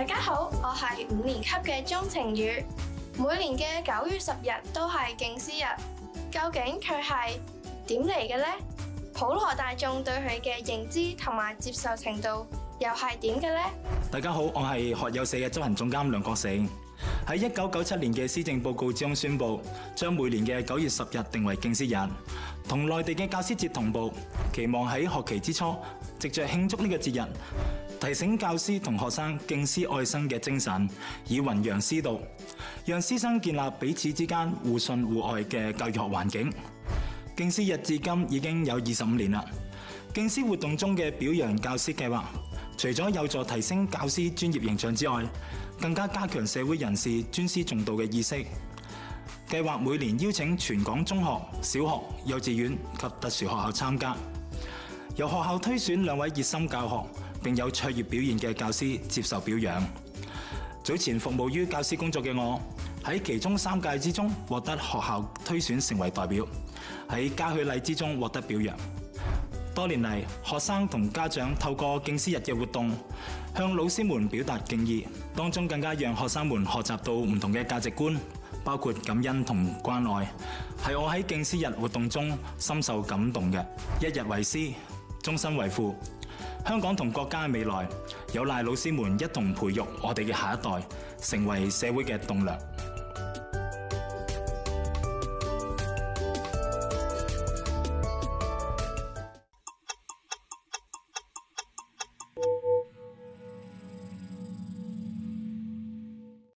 大家好，我係五年級嘅鍾晴予。每年嘅九月十日都係敬師日，究竟佢係點嚟嘅呢？普羅大眾對佢嘅認知同埋接受程度又係點嘅呢？大家好，我係學友社嘅執行總監梁國成。喺一九九七年嘅施政報告中宣布，將每年嘅九月十日定為敬師日，同內地嘅教師節同步，期望喺學期之初，藉着慶祝呢個節日。提醒教師同學生敬師愛生嘅精神，以弘揚師道，讓師生建立彼此之間互信互愛嘅教育學環境。敬師日至今已經有二十五年啦。敬師活動中嘅表揚教師計劃，除咗有助提升教師專業形象之外，更加加強社會人士尊師重道嘅意識。計劃每年邀請全港中學、小學、幼稚園及特殊學校參加，由學校推選兩位熱心教學，並有卓越表現嘅教師接受表揚。早前服務於教師工作嘅我，喺其中三屆之中獲得學校推選成為代表，喺嘉許禮之中獲得表揚。多年嚟，學生同家長透過敬師日嘅活動，向老師們表達敬意，當中更加讓學生們學習到唔同嘅價值觀，包括感恩同關愛。係我喺敬師日活動中深受感動嘅：一日為師，終身為父。香港同國家嘅未來，有賴老師們一同培育我哋嘅下一代，成為社會嘅棟樑。